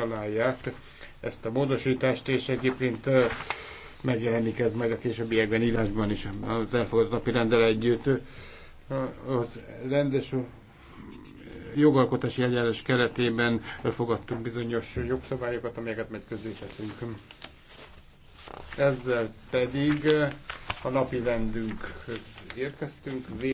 megtalálják ezt a módosítást, és egyébként megjelenik ez majd a későbbiekben írásban is az elfogadott napi rendel együtt. Az rendes jogalkotási eljárás keretében fogadtunk bizonyos jogszabályokat, amelyeket majd Ezzel pedig a napi rendünk érkeztünk.